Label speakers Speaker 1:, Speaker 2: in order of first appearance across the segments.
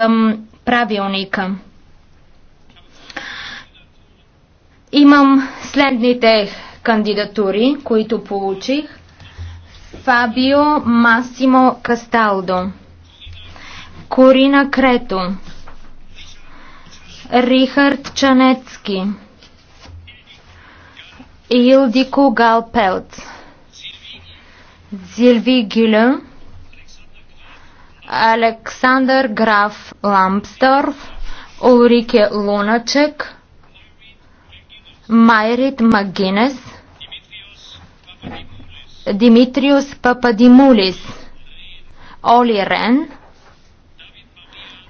Speaker 1: към правилника. Имам следните кандидатури, които получих. Фабио Масимо Касталдо, Корина Крето, Рихард Чанецки, Илдико Галпелт, Зилви Гилен, Александър Граф Ламсторф, Урике Луначек, Майрит Магинес, Димитриус Пападимулис, Оли Рен,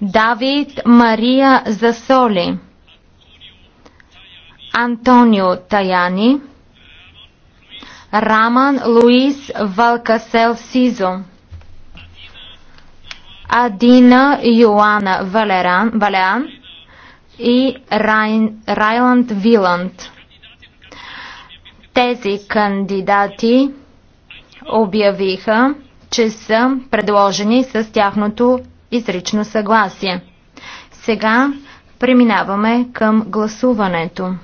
Speaker 1: Давид Мария Засоли, Антонио Таяни, Раман Луис Валкасел Сизо. Адина Йоана Валеран, Валеан и Райн, Райланд Виланд. Тези кандидати обявиха, че са предложени с тяхното изрично съгласие. Сега преминаваме към гласуването.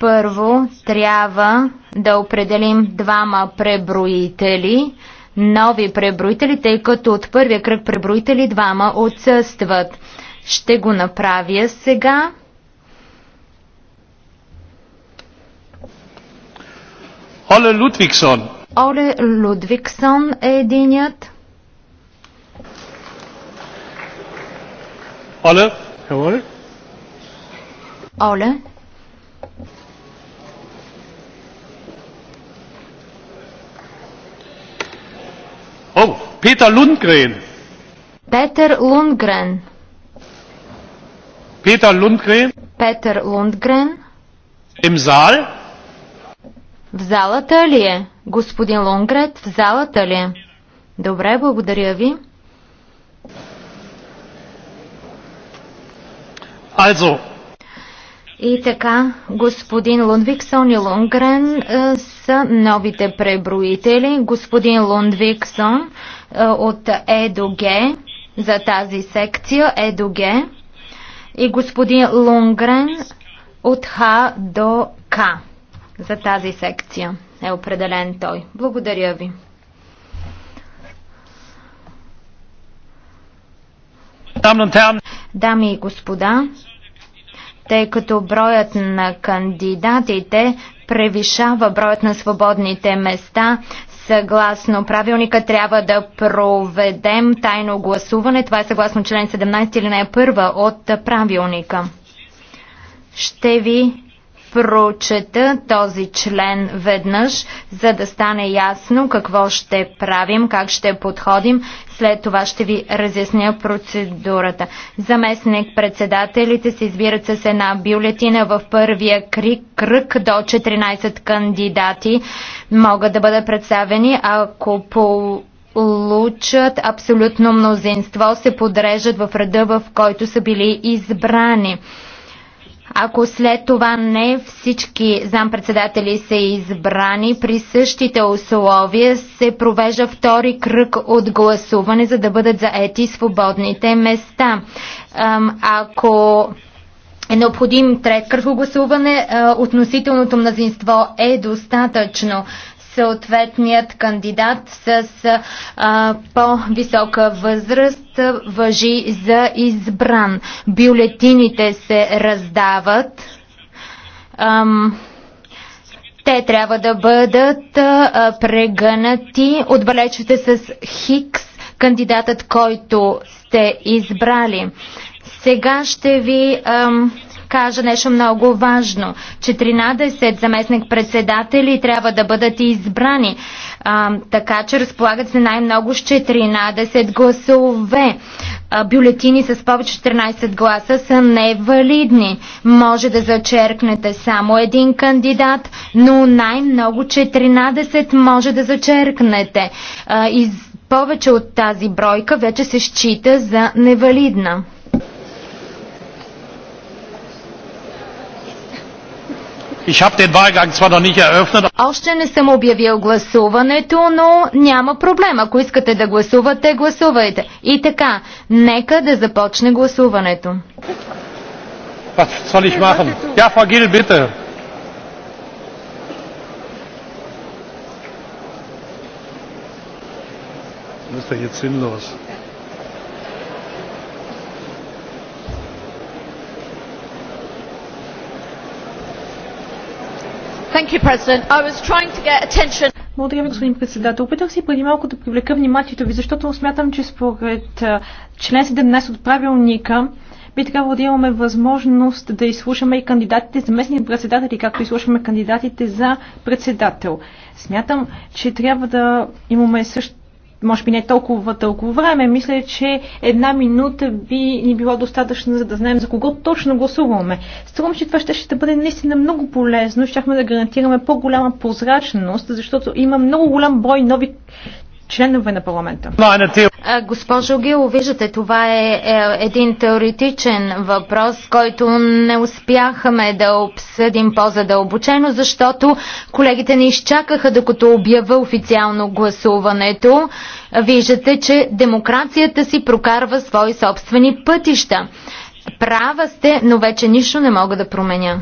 Speaker 1: Първо трябва да определим двама преброители, нови преброители, тъй като от първия кръг преброители двама отсъстват. Ще го направя сега. Оле Лудвиксон. Оле Лудвиксон е единият. Оле. Оле. Оле. Peter Lundgren. Peter Lundgren. Peter Lundgren. Peter Lundgren. Im Saal? В залата ли е? Господин Лунгрет, в залата ли е? Добре, благодаря ви. Also. И така, господин Лундвиксон и Лунгрен е, са новите преброители. Господин Лундвиксон е, от Е до Г за тази секция Е до Г и господин Лунгрен от Х до К за тази секция е определен той. Благодаря ви. Дами и господа, тъй като броят на кандидатите превишава броят на свободните места, Съгласно правилника трябва да проведем тайно гласуване. Това е съгласно член 17 или не е първа от правилника. Ще ви прочета този член веднъж, за да стане ясно какво ще правим, как ще подходим. След това ще ви разясня процедурата. Заместник председателите се избират с една бюлетина в първия крик, кръг до 14 кандидати могат да бъдат представени, ако по получат абсолютно мнозинство, се подрежат в ръда, в който са били избрани. Ако след това не всички зампредседатели са избрани, при същите условия се провежда втори кръг от гласуване, за да бъдат заети свободните места. Ако е необходим трет кръг гласуване, относителното мнозинство е достатъчно съответният кандидат с по-висока възраст въжи за избран. Бюлетините се раздават. Ам, те трябва да бъдат а, прегънати. Отбележете с Хикс кандидатът, който сте избрали. Сега ще ви ам, кажа нещо много важно. 14 заместник-председатели трябва да бъдат избрани, а, така че разполагат се най-много с 14 гласове. А, бюлетини с повече 14 гласа са невалидни. Може да зачеркнете само един кандидат, но най-много 14 може да зачеркнете. А, из повече от тази бройка вече се счита за невалидна. Още не съм обявил гласуването, но няма проблем. Ако искате да гласувате, гласувайте. И така, нека да започне гласуването. ja jetzt sinnlos. Благодаря ви, господин председател. Опитах се преди малко да привлека вниманието ви, защото смятам, че според член 17 от правилника би трябвало да имаме възможност да изслушаме и кандидатите за местни председатели, както изслушаме кандидатите за председател. Смятам, че трябва да имаме също може би не толкова толкова време, мисля, че една минута би ни била достатъчно, за да знаем за кого точно гласуваме. Струвам, че това ще, ще бъде наистина много полезно. Щяхме да гарантираме по-голяма прозрачност, защото има много голям брой нови членове на парламента. Госпожо Гил, виждате, това е, е един теоретичен въпрос, който не успяхме да обсъдим по-задълбочено, защото колегите не изчакаха докато обява официално гласуването. Виждате, че демокрацията си прокарва свои собствени пътища. Права сте, но вече нищо не мога да променя.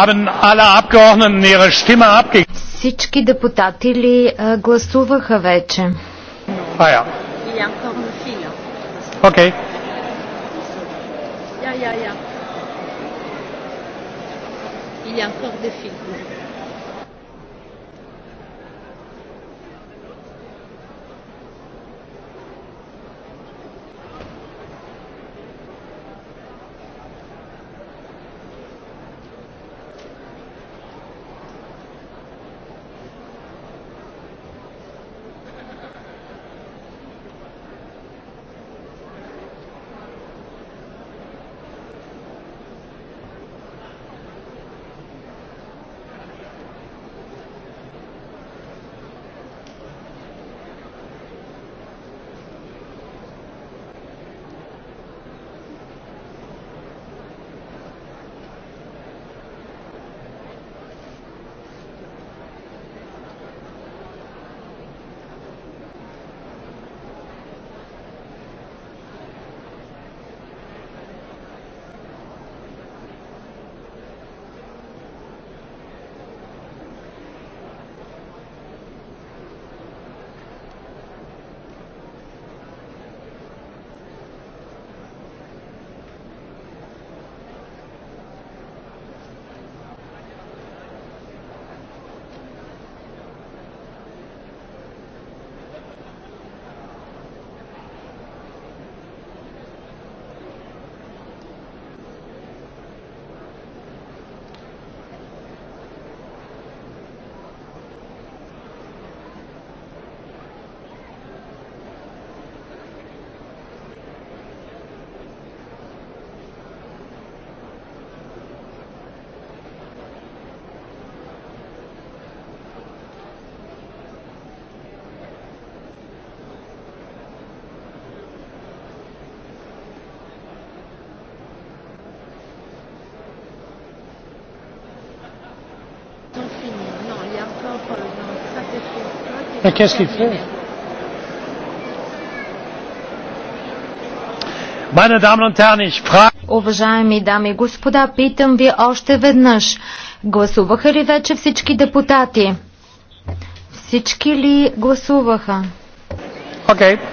Speaker 1: haben alle Abgeordneten ihre Stimme abgegeben. Всички депутати ли а, гласуваха вече? А, я. Окей. Я, я, я. Il y a encore des films. Mais qu'est-ce qu'il fait Meine Damen und Herren, ich frage... Уважаеми дами и господа, питам ви още веднъж. Гласуваха ли вече всички депутати? Всички ли гласуваха? Окей. Okay.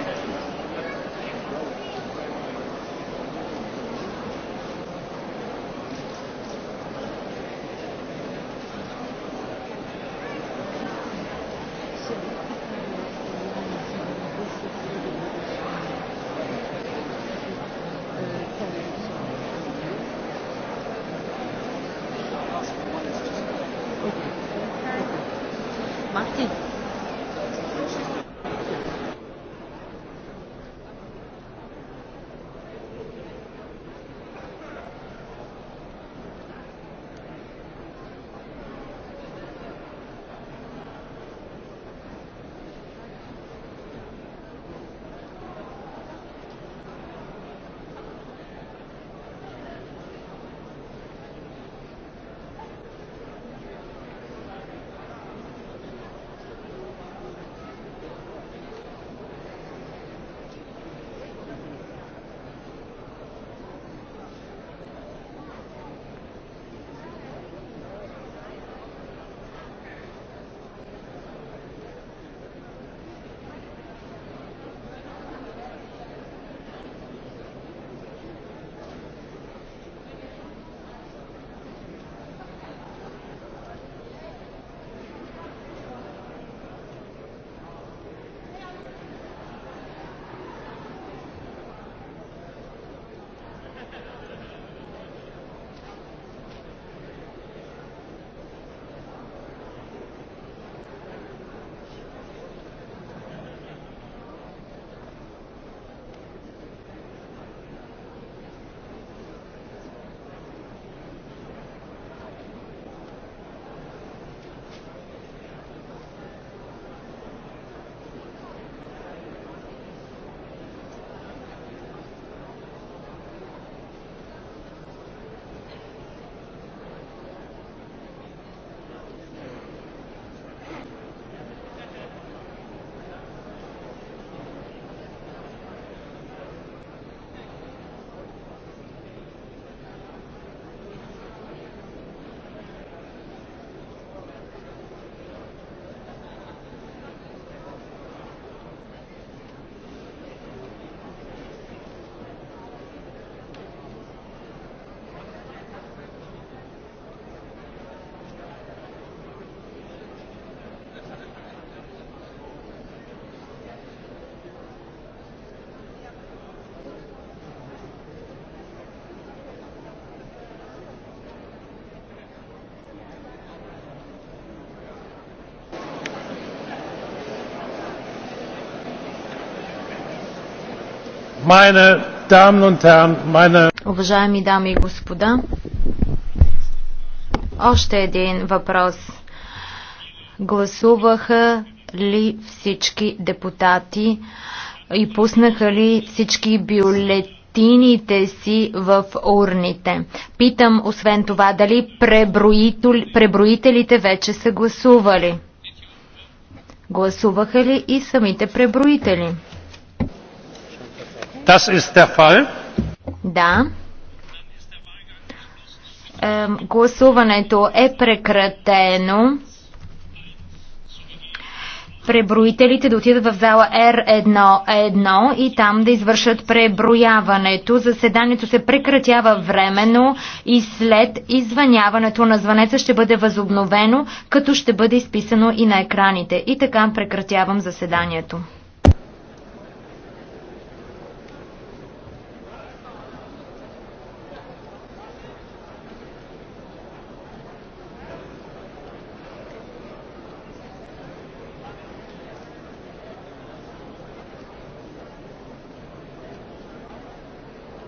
Speaker 1: Meine Damen und Herren, meine... Уважаеми дами и господа, още един въпрос. Гласуваха ли всички депутати и пуснаха ли всички бюлетините си в урните? Питам, освен това, дали преброителите вече са гласували? Гласуваха ли и самите преброители? Das ist der Fall. Да. гласуването е прекратено. Преброителите да отидат в зала R1-1 и там да извършат преброяването. Заседанието се прекратява временно и след извъняването на звънеца ще бъде възобновено, като ще бъде изписано и на екраните. И така прекратявам заседанието.